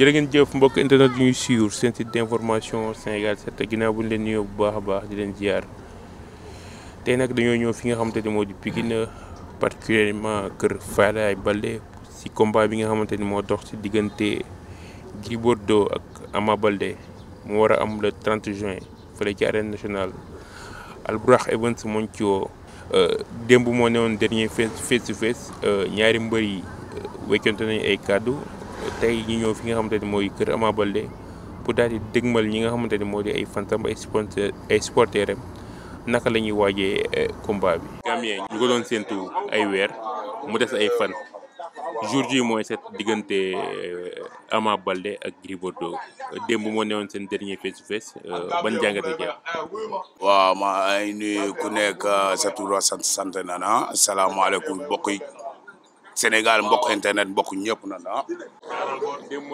jërë ngeen jëf mbokk internet yu ñuy suivre seen site d'information Sénégal 7 ginnaaw bu ñu leen nuyoo bu baax a baax di leen ziar tey nag dañoo ñëw fi nga xamante ni moo di Pikine particulièrement kër Falaye Baldé ci combat bi nga xamante ni moo dox ci diggante Gris Bordeaux ak Ama Baldé mu war a am le 30 juin fële ci arène nationale Albourakh Events mooñ ci woo euh, démb moo ne newoon dernier face face to face ñaari mbër yi euh, weccante nañu ay kàddu tey ñu ñëw fi nga xamante ni mooy kër Ama Baldé pour daal di dégmal ñi nga xamante ni moo di ay fantam ay sponsor ay supporters am naka lañuy ñuy waajee eh, combat bi. ñu ko doon séntu ay weer mu des ay fan jour ji mooy set diggante eh, Ama Baldé ak Gris Bordeaux démb moo newoon seen dernier face to eh, ban jàngat la jeex. waaw maa ngi nuyu ku nekk sa tur sant sant na na ah, salaamaaleykum mbokk yi Sénégal mbokk internet mbokk ñëpp na mm-hmm.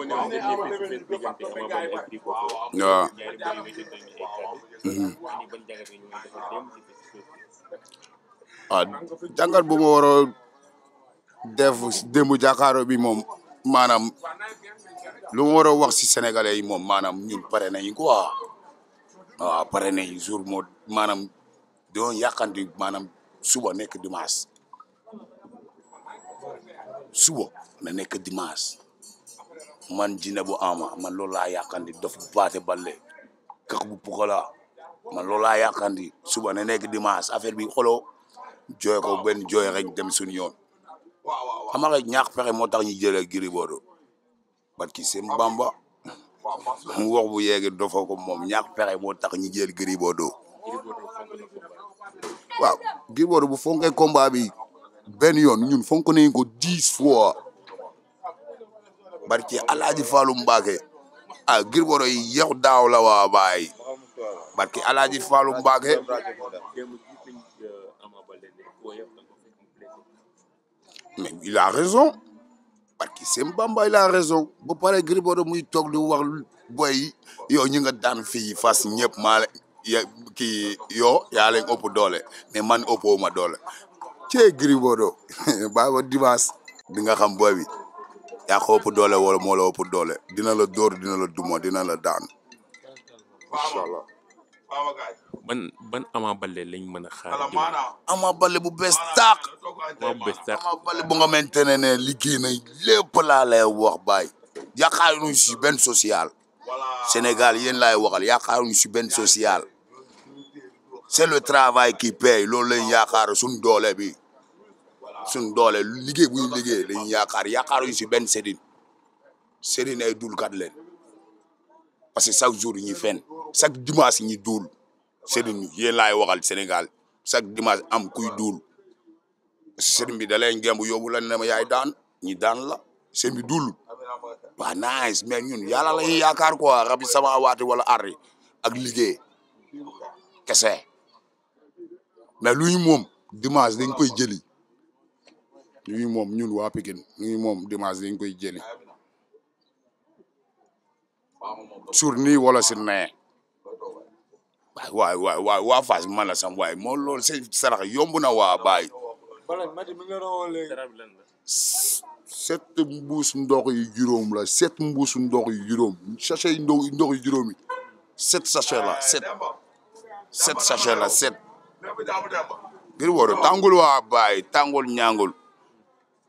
ah. waaw. waaw jàngat bu ma def démb jàkkaaroo bi moom maanaam lum ma war a wax si sénégalais yi moom maanaam ñun pare nañ quoi waaw ah, pare nañ jour moo maanaam doon yàqandi maanaam suba nekk dimanche. suba na nekk dimanche man Djiné bu Ama man loolu laa yaakaandi dof bu Pathé Baldé kak bu Pokola man loolu laa yaakaandi suba na nekk dimanche affaire bi xolo jooy ko benn jooy rek dem suñu yoon xam nga ñaax pexe moo tax ñu jëlee Gris Bordeaux barki seen Bamba mu wax bu yeegi dofoo ko moom ñaax pexe moo tax ñu jël Gris Bordeaux bu fonkee combat bi benn yoon ñun fonk na ko dix fois barki alaaji Fallou Mbacké ah Gris Bordeaux daaw la waa barki alaaji Fallou Mbacké mais il raison barki seen Bamba raison ba pare Gris Bordeaux muy toog wax boy yi yow daan fii fas ñëpp maa la kii yoo yaa leen ëpp doole mais man ëppoo ma doole cee Gris Bordeaux bàyyi ba dimanche di nga xam booy bi wala moo la ëpp doole dina la dóor dina la duma dina la daan incha allah. ban ban Ama Baldé lañ mën a xaar. Ama Baldé bu bees bu bees taax Ama Baldé nga xamante ne ne liggéey na lépp laa lay wax baay. yaakaaruñu si benn social. Sénégal yéen laay waxal yaakaaruñu si benn social. c'est le travail qui paye loolu lañ yaakaar suñ doole bi suñ doole liggéey bu ñu liggéey lañ yaakaar yaakaaruñu si benn Serigne Serigne ay dulkat leen parce que chaque jour ñi fen chaque dimanche ñi duul Serigne yéen laay waxal Sénégal chaque dimanche am kuy duul Serigne bi da lay ngemb yóbbu la ne ma yaay daan ñi daan la Serigne bi duul waaw nice mais ñun yàlla lañuy yaakaar quoi rabi sama waati wala arri ak liggéey kese ndax lu ñu moom dimanche dañ koy jëli lu ñu moom ñun waa Pikine lu ñu moom dimanche dañ koy jëli sur nii wala si nee waay waay waay waa Fass man la sam waay moom loolu seen sarax yomb na waa baay set mbuus ndox yu juróom la set mbuus ndox yu juróom sachet ndox yu juróom yi set sachet la set set la set ngir wóor tàngul waa baay tàngul ñaangul.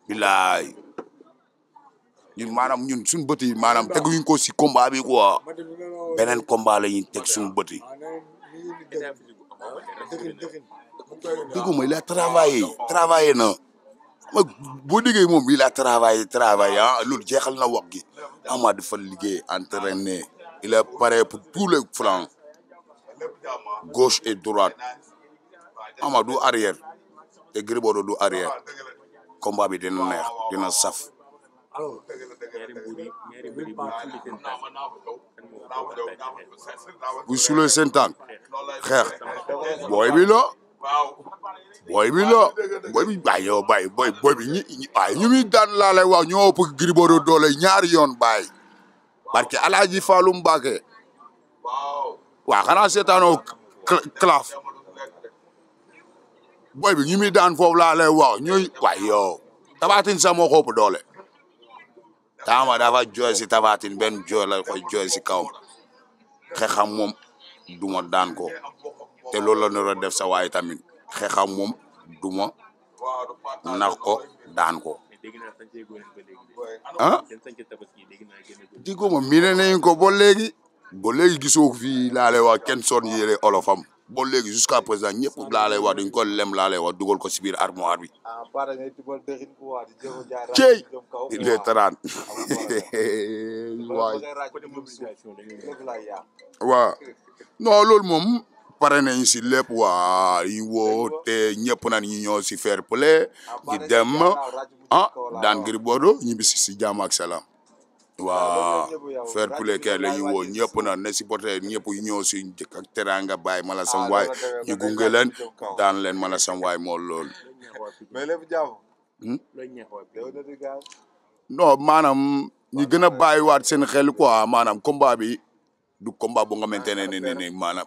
bilaay ñun maanaam ñun suñu bët yi maanaam teguñu ko si combat bi quoi beneen combat la ñuy teg suñu bët yi. dëggu ma il a travaillé travaillé na ma boo déggee moom il a travaillé travaillé ah loolu jeexal na wax gi ama dafa liggéey entraîné il est prêt pour tous les gauche et droite. ama du arrière te Gris Bordeaux du arrière combat bi dina neex dina saf. bu sulee seen xeex booy bi booy bi la booy bi bàyyi yow booy booy bi ñi ñi waaye ñu muy daan laa lay doole ñaari yoon bàyyi barke Alaaji Fallou Mbacké waaw xanaa seetaanoo claf boy bi ñu muy daan foofu laa lay wax ñuy waay yow tabatin sax moo doole taama dafa jooy si tabatin benn jooy la koy jooy si kawam xeexam moom duma daan ko te loolu la nar def sa waay tamit xeexam moom duma nax ko daan ko ah diguma mi ne nañ ko ba léegi ba léegi gisoo fii laa lay wax kenn son yére olofam ba léegi jusqu'à présent ñëpp laa lay wax duñ ko lem laale lay wax dugal ko si biir armoire bi. ah Paare ngay dugal dëxin ku waa di jéego ah, moom pare nañu si lépp waa yi woo te ñëpp nañ ñu ñoo si fair play di ah, dem ah daan Gris Bordeaux ñibbi si si jàmm waa fair play kay la ñu woo ñëpp na ne supporter ñëpp yu ñëw si ak teranga bàyyi mala sam waay ñu gunge leen daan leen mala sam waay moo loolu mais lépp jàmm non maanaam ñu gën a bàyyiwaat seen xel quoi maanaam combat bi du combat bu nga xamante ne ne ne maanaam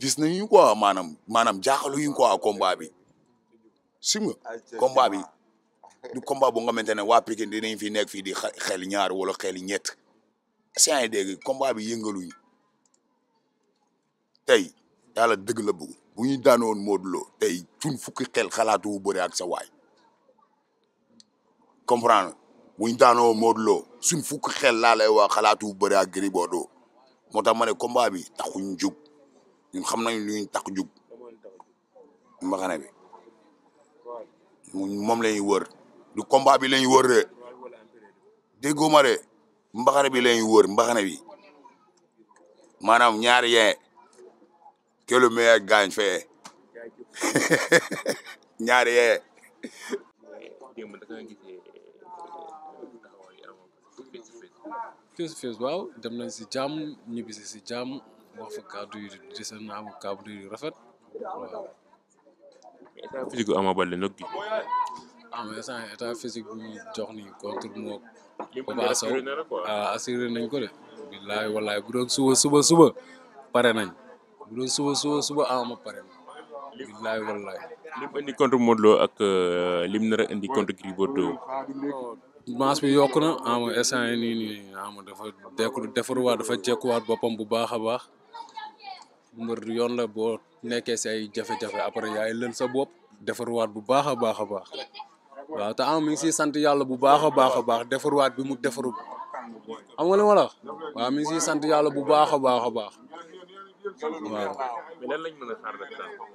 gis nañu quoi maanaam maanaam jaaxaluñu quoi combat bi sim nga combat bi du combat bu nga xamante ne waa Pikine dinañ fi nekk fii di xel ñaar wala xel ñett si ay dégg combat bi yëngaluñu tey yàlla dëgg la bëgg bu ñu daanoon Modou Lo tey cun fukki xel xalaatu wu bëri ak sa waay comprendre bu ñu daanoo Modou Lo suñ fukki xel laa lay wax xalaatu wu bëri ak Gris Bordeaux moo tax ma ne combat bi taxuñ jug ñun xam nañ lu ñu tax bi moom la ñuy du komba bi lañ wër de déggoo ma de mbaxane bi lañ wër mbaxana bi maanaam ñaari yee que le meilleur fee ñaari yee. face waaw dem nañ si jàmm ñibbisi si jàmm wax fa kàddu yu di seen am rafet waaw. état physique Ama Baldé nag gi am mais instant état physique bi ñu jox nii contre ah, nañ ko de. billaay wallaay bu doon suba suba suba pare nañ bu doon suba suba suba ama ah, pare nañ. billaay wallaay. lim indi contre Modou Lo ak euh, lim nar a indi contre Gris Bordeaux. maas bi yokku na ama ah, instant yii nii nii ama dafa dekku defaruwaat dafa jekkuwaat boppam bu baax a baax. mbër yoon la boo nekkee si ay jafe-jafe après yaay lël sa bopp defaruwaat bu baax a baax a baax. waaw te am mi ngi sant yàlla bu baax a baax a baax defaruwaat bi mu defaru xam nga li ma la waaw mi sant yàlla bu baax a baax a baax waaw.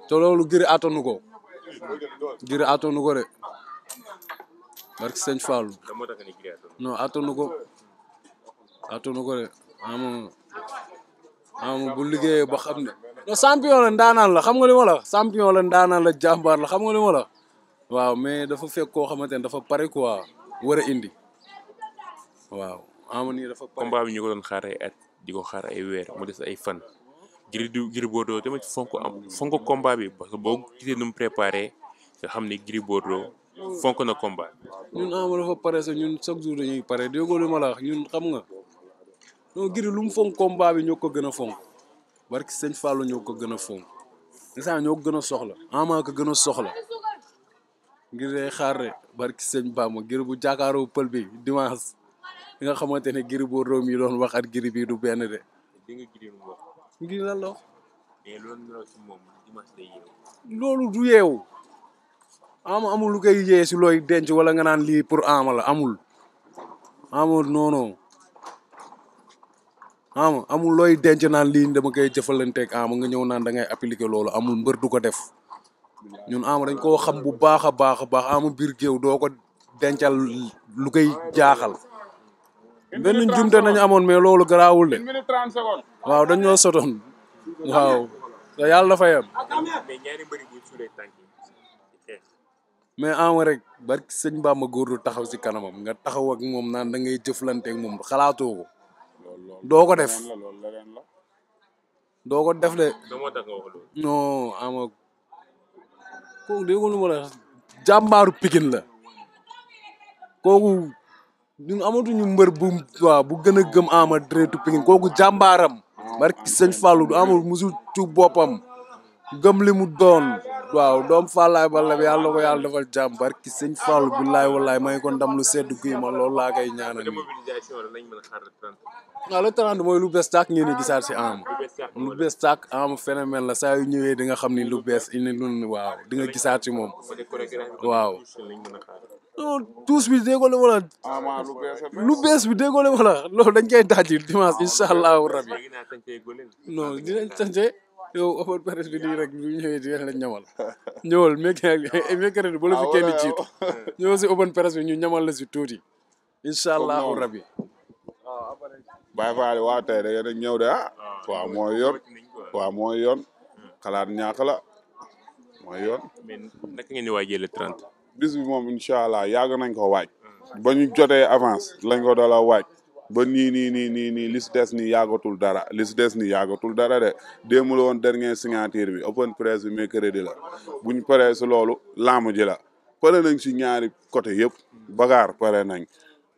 te loolu giri attanu ko giri attanu ko de barki sëñ Fallou non attanu ko de xam bu liggéeyee ba xam ne. non champion la ndaanaan la xam nga li ma la xam nga li la. waaw mais dafa fekk koo xamante ne dafa pare quoi war a indi waaw. ama nii dafa pare combat bi ñu ko doon xaar ay di xaar ay weer mu des ay fan. Gris du Gris Bordeaux tamit fonk am fonk combat bi parce que boo gisee mu préparé nga xam ni Gris Bordeaux fonk na combat. ñun pare sax ñun chaque jour dañuy pare déggoo lu ñun xam nga non Gris lu mu bi ñoo ko gën a fonk barki sëñ Fallou ñoo ko gën a fonk. nga ñoo gën a soxla ama ko gën a soxla. ngir day xaar barki sëñ Bamba Gris bu jàkkaaroo pël bi dimanche nga xamante ne Gris Bordeaux mi doon wax ak Gris bi du benn de. ngir lan la. loolu du yeewu. am amul lu koy yee looy denc wala nga naan lii pour ama la amul. amul non non ama amul looy denc naan lii dama koy jëfalanteeg ama nga ñëw naan da ngay appliquer loolu amul mbër du ko def. ñun ama dañ ko xam bu baax a baax a baax ama biir géew doo ko dencal lu koy jaaxal benn njumte nañ amoon mais loolu garaawul de waaw dañoo sotoon waaw te yàlla dafa yem mais ama rek barki sëñ Bamba góor du taxaw si kanamam nga taxaw ak moom naan da ngay jëflante moom xalaatoo ko ko def doo ko def de non kooku déggoo lu ma la jàmbaaru Pikine la kooku ñun amatuñu mbër bu waaw bu gën a gëm ama dëretu Pikine kooku jàmbaaram barki sëñ Fallou du amul musul boppam gëm li mu doon waaw doom Fallaye Balla bi yàlla na ko yàlla defal jàmm barki sëñ Fallou billaay wallaay may ko ndam lu sedd guy ma loolu laa koy ñaanal nii. waaw le mooy lu bees tàkk ngeen di gisaat si am lu bees tàkk am phénomène la saa yu ñëwee nga xam ni lu bees indi lu waaw di nga gisaat si moom waaw. non tuus bi déggoo leen wala lu bees bi déggoo leen wala loolu dañ koy daaj dimanche incha allahu rabi non dinañ yow open bi nii rek bu ñëwee di la ñamal ñëwal mercredi eh, ba la fi kenn jiitu ah, ñëw si open presse bi ñu ñamal la si tuuti incha allahu rabi. Baye Fall waaw tey da ñëw de ah. waaw mooy yoon waaw mooy yoon. xalaat ñàkk la mooy yoon. mais ngeen di waajee le 30. bis moom incha allah yàgg nañ koo waaj. ba ñu jotee avance lañ ko doon waaj. ba nii nii nii nii nii li si des nii yàggatul dara li si des nii yàggatul dara de démb la woon dernier signature bi open press bi di la buñ paree si loolu laamu ji la pare nañ si ñaari côté yëpp bagaar pare nañ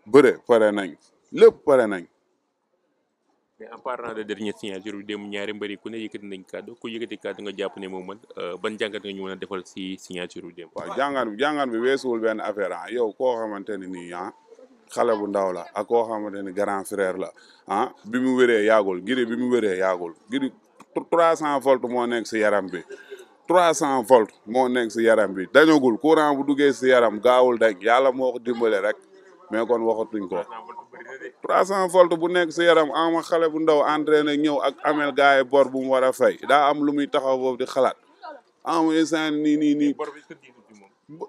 bëre pare nañ lépp pare nañ. mais en parlant de dernier signature bi démb ñaari mbëri ku ne yëkkati nañ kàddu ku yëkkati kàddu nga jàpp ne moom man euh, ban jàngat ñu mën a defal si signature bi démb. waaw jàngat bi jàngat bi weesuwul benn affaire ah yow koo xamante ne nii ah. xale bu ndaw la ak koo xamante ni grand frère la ah bi mu wéree yaagul Gris bi mu wéree yaagul Gris 300 volts moo nekk si yaram bi trois 300 volts moo nekk si yaram bi dañagul courant bu duggee si yaram gaawul dañ yàlla moo ko dimbale rek mais kon waxatuñ ko 300 volts bu nekk si yaram ama xale bu ndaw entraîné ñëw ak amel gaay bor bu mu war a fay daa am lu muy taxaw foofu di xalaat ama instant nii nii nii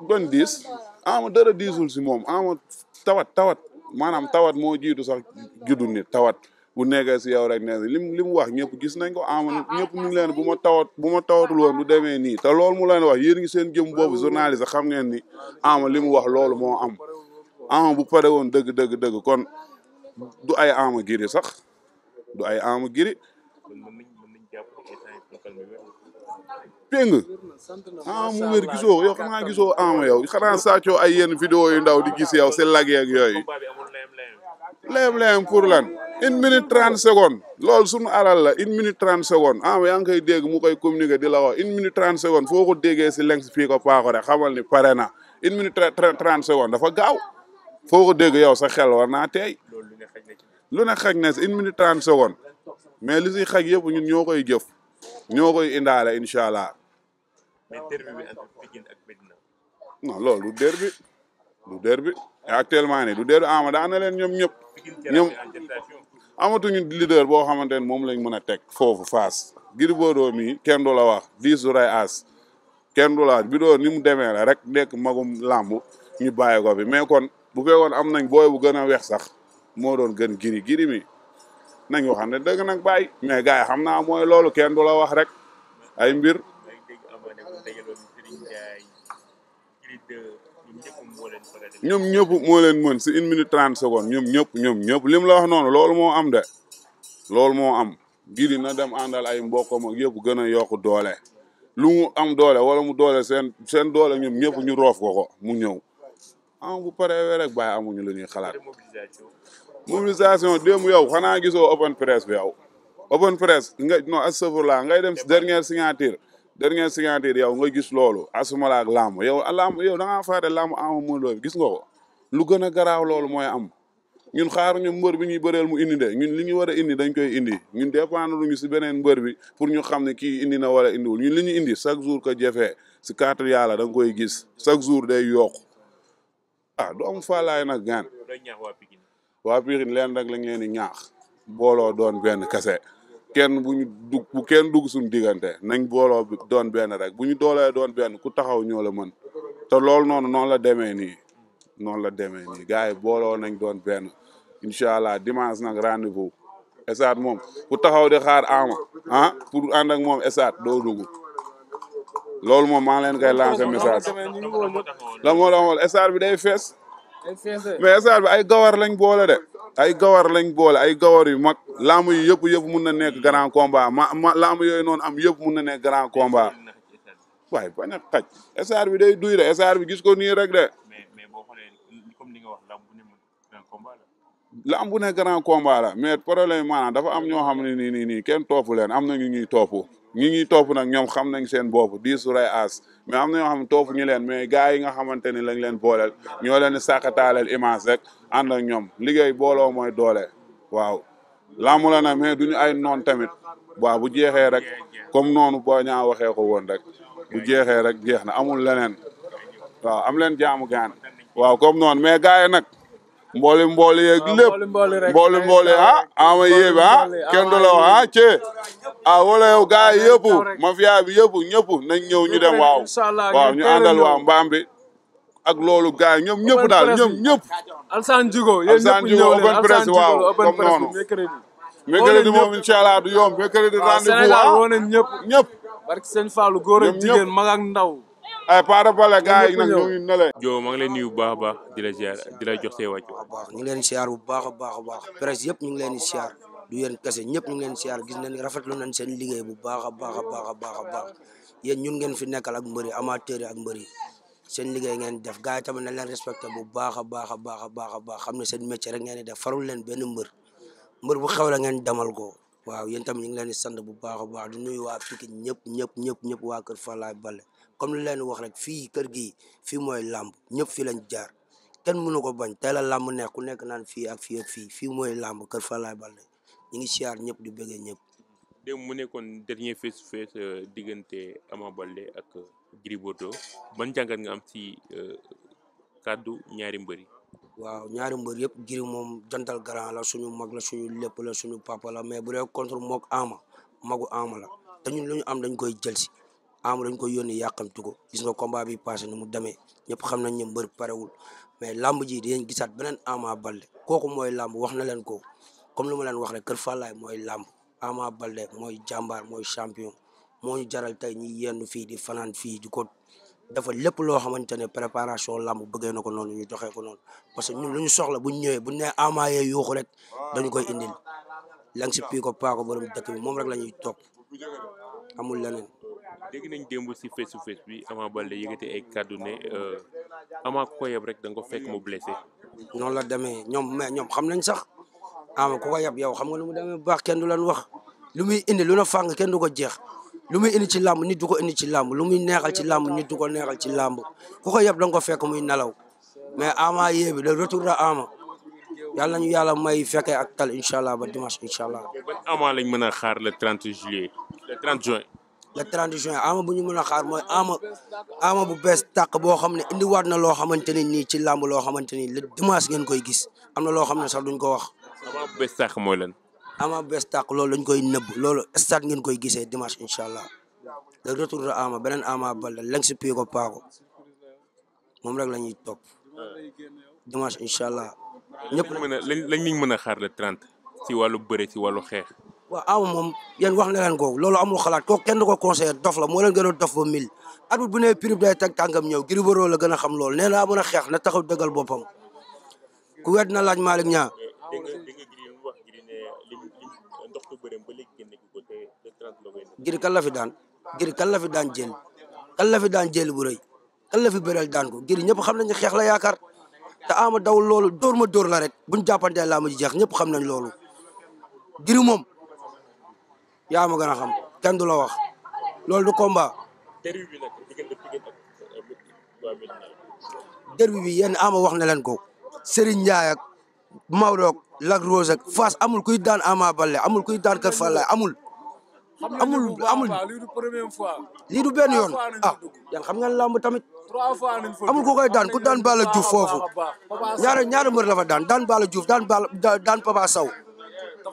bon diis ama dara diisul si moom ama tawat tawat maanaam tawat moo jiitu sax juddu nit tawat bu nekkee si yow rek ne lim li mu wax ñëpp gis nañ ko ama ñëpp ñu ngi leen bu ma tawat bu ma tawatul woon du demee nii te loolu mu leen wax yéen gi seen jëm boobu journaliste xam ngeen ni ama li mu wax loolu moo am ama bu pare woon dëgg dëgg dëgg kon du ay ama giri sax du ay ama giri péng ah mu wér gisoo yow xanaa gisoo ama yow xanaa sàccoo ay yenn vidéo yu ndaw di gis yow si lagee ak yooyu leem-leem pour lan une minute trente secondes loolu sun alal la une minute trente secondes ama ah, yaa ngi koy dégg mu koy communiqué di la wax une minute trente secondes foo ko déggee si lengs fii o paaxo rek xamal ni pare na une minute trente secondes dafa gaaw foo ko dégg yow sa xel war naa teey lu ne xaj na si une minute trente secondes mais li si xaj yëpp ñun ñoo koy jëf ñoo koy indaale incha allah. mais derby bi du derby du derby actuellement nii du derby ama ah, daan na leen ñoom ñëpp. ñoom amatuñu leader boo xamante ne moom lañ mën a teg foofu faas Gris bo mi kenn du la wax diis du ray as kenn du la wax bi doo ni mu demee rek nekk magum làmb ñu bàyyi ko bi mais kon bu fekkoon am nañ booy bu gën a weex sax moo doon gën giri giri mi nañ waxante dëgg nag bàyyi mais gars yi naa mooy loolu kenn du la wax rek ay mbir ñoom ñëpp moo leen mën si une minute trente secondes ñoom ñëpp ñoom ñëpp lim la wax noonu loolu moo am de loolu moo am giri na dem àndal ay mbokkam ak yëpp gën a yokk doole lu mu am doole wala mu doole seen seen doole ñoom ñëpp ñu roof ko mu ñëw ah bu paree rek bay amuñu lu ñuy xalaat mobilisation démb yow xanaa gisoo open press bi yow open press nga non astafurlaa ngay dem dernière signature dernière signature yow nga gis loolu asumala ak làmb yow ah, làmb yow da ngaa faate làmb ama mënuloo gis nga ko lu gën a garaaw loolu mooy am ñun xaaruñu mbër bi ñuy bëreel mu indi de ñun li ñu war a indi dañ koy indi ñun dépendre luñu si beneen mbër bi pour ñu xam ne kii indi na wala indiwul ñun li ñu indi chaque jour ko jëfee si kàttu yàlla da nga koy gis chaque jour day yokku ah du am faalaay waa Pikine leen rek lañ leen di ñaax booloo doon benn kese kenn bu ñu dug bu kenn dugg suñu diggante nañ booloo doon benn rek bu ñu doolee doon benn ku taxaw ñoo la mën te loolu noonu noonu la demee nii noonu la demee nii gars yi booloo nañ doon benn incha allah dimanche nag ran vous esaat moom ku taxaw di xaar ama ah pour ànd ak moom esaat doo dugg loolu moom maa leen koy lancer message la moo fees mais stade bi ay gawar lañ boole de ay gawar lañ boole ay gawar yu mag laamu yi yëpp yëpp mun na nekk grand combat ma ma laamu yooyu noonu am yëpp mun na nekk grand combat waaye bañ a xaj stade bi day duy de stade bi gis ko nii rek de. mais mais boo xoolee comme ni nga wax laamu la. am bu ne mais problème dafa am ñoo xam ne nii nii nii kenn toofu leen am na ñu ñuy toofu. ñi ñuy topp nag ñoom xam nañ seen bopp di su ray aas mais am na ñoo xam ne leen mais gars yi nga xamante ni lañ leen booleel ñoo leen di sàkkataaleel image rek ànd ak ñoom liggéey booloo mooy doole waaw. làmb la nag mais duñu ay noon tamit waaw bu jeexee rek comme noonu boo ñaa waxee ko woon rek bu jeexee rek jeex na amul leneen waaw am leen jaamu gaan waaw comme noonu mais gars yi mbooli mbooli yeeg lépp mbooli mbooli ah ama ah, yéebe ah, ah kenn du la wax ah cee a ah, wala yow gars yi yëpp mafia bi yëpp ñëpp nañ ñëw ñu dem waaw waaw ñu àndal waaw mbaam bi loolu gars yi ñëpp daal ñoom ñëpp Alassane Djigo Alassane noonu mercredi moom incha allah du yomb mercredi rendez-vous waaw ñëpp ñëpp barke sëñ Fallou góor ak jigéen mag ndaw ay Paada Bale gars yi nag ñoo ngi ne la. joo maa ngi leen nuyu bu baax a baax di la ziar la jox say wàcc. baax ñu ngi leen di bu baax a baax a baax presse yëpp ñu ngi leen di ziar du yéen kese ñëpp ñu ngi leen di ziar gis nañ rafetlu nañ seen liggéey bu baax a baax a a baax a baax yéen ñun ngeen fi nekkal ak mbëri amateur yi ak mbëri seen liggéey ngeen def gars tamit nañ leen respecté bu baax a baax a a baax a baax xam na seen métier rek ngeen di def farul leen benn mbër mbër bu xew la ngeen demal ko waaw yéen tamit ñu ngi leen di sant bu baax baax di nuyu waa Pikine ñëpp ñëpp ñëpp ñëpp waa kër Falaye Baldé comme li leen wax rek fii kër gii fii mooy làmb ñëpp fii lañ jaar kenn mënu ko bañ tey la làmb neex ku nekk naan fii ak fii ak fii fii mooy làmb kër Falaye Baldé ñu ngi siyaar ñëpp di bëggee ñëpp. démb mu nekkoon dernier face to euh, diggante Ama bale ak Gris Bordeaux ban jàngat nga am ci euh, kàddu ñaari mbër yi waaw ñaari mbër yëpp giri moom jantal grand la suñu mag la suñu lépp la suñu papa la mais bu dee contre mook ama magu ama la te ñun lu ñu am dañ koy jël si ama dañ koy yónni yàqamtu ko gis nga combat bi passé ni mu demee ñëpp xam nañ ne mbër parewul mais lamb di dinañ gisaat beneen ama balde kooku mooy lamb wax na leen ko comme lu ma leen wax rek kër Fallaye mooy lamb ama balde mooy jàmbaar mooy champion moo jaral tey ñi yenn fii di fanaan fii di ko dafa lépp loo xamante ne préparation lamb bëggee na ko noonu ñu joxee ko noonu parce que ñu soxla bu ñu ñëwee bu ñu nee amaayee yuuxu rek dañu koy indil lang si pii ko paako borom dëkk moom rek la ñuy topp amul leneen. dégg nañ démb si face to face bi Ama Baldé yëkkati ay ne euh, Ama ko yeb rek da ko fekk mu blessé. noonu la demee ñoom mais ñoom xam nañ sax Ama ku ko yeb yow xam nga lu mu demee baax kenn du leen wax lu muy indi lu na fàng kenn du ko jeex. lu muy indi ci làmb nit du ko indi ci làmb lu muy neexal ci làmb nit du ko neexal ci làmb ku ko yëpp da nga fekk muy nelaw mais Ama Yébi le retour de Ama yàlla nañu yàlla may fekkee ak tal incha allah ba dimanche incha allah. ban Ama lañ mën a xaar le 30 juillet le 30 le 30 juin Ama bu ñu mën a xaar mooy Ama Ama bu bees tàq boo xam ne indiwaat na loo xamante ne nii ci làmb loo xamante ni le dimanche ngeen koy gis am na loo xam ne sax duñ ko wax. Ama mooy lan. Ama bees tàq loolu lañ koy nëbb loolu stade ngeen koy gisee dimanche incha allah le retour de Ama beneen Ama Baldé lañ si pii ko moom rek la ñuy topp dimanche incha allah. ñëpp mën a lañ liñ mën a xaar le 30 si wàllu bëre ci wàllu xeex. waaw Ama moom yéen wax na leen ko loolu amul xalaat kooku kenn du ko conseillé dof la moo leen gën a dof ba mil at bu nee prix day teg tànkam ñëw Gris Bordeaux la gën a xam loolu nee naa mën a xeex na taxaw dëggal boppam ku wet na laaj Malick ngir kan la fi daan ngir kan la daan jël kan la daan jël bu rëy kan la fi bëreel daan ko ngir ñëpp xam nañu xeex la yaakaar te ama daw loolu dóor ma dóor la rek buñ jàppantee laa ma jeex ñëpp xam nañ loolu ngir moom yaa ma gën xam kenn du la wax loolu du combat. derbi bi yenn ama wax na ko Serigne Ndiaye ak Maodo ak Lac amul kuy daan Ama Baldé amul kuy daan Kër Falaye amul amul amul lii du première fois. lii benn yoon ah yan xam nga làmb tamit. amul ku koy daan ku daan Balla Diouf foofu. ñaar ñaari la fa daan daan Balla Diouf daan Balla daan Papa Sow.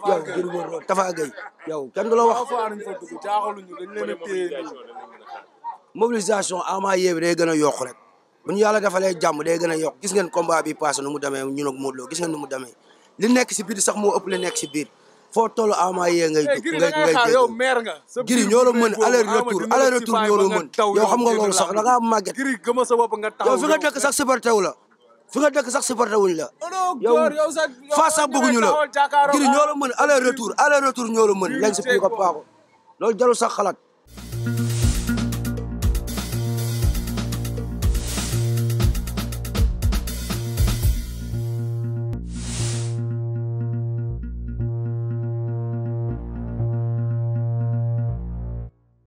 yow jërëjëf loolu Tafa Gueye yow kenn du la wax. day gën a yokk rek. bu ñu yàlla defalee jàmm day gën a yokk gis ngeen combat bi passé nu mu demee ñun ak Modou gis ngeen nu mu demee. li nekk si biir sax moo ëpp li nekk si biir. foo toll Ama yee ngay eh, ngay ngay giri ñoo la mën aller retour aller retour ñoo la mën yow xam nga loolu sax da ngaa màgget yow fi nga dëkk sax supporté wu la fi nga dëkk sax supporté wuñ la oh yow faa sax bëgguñu la giri ñoo la mën aller retour aller retour ñoo la mën lañ si ko paako jal sax xalaat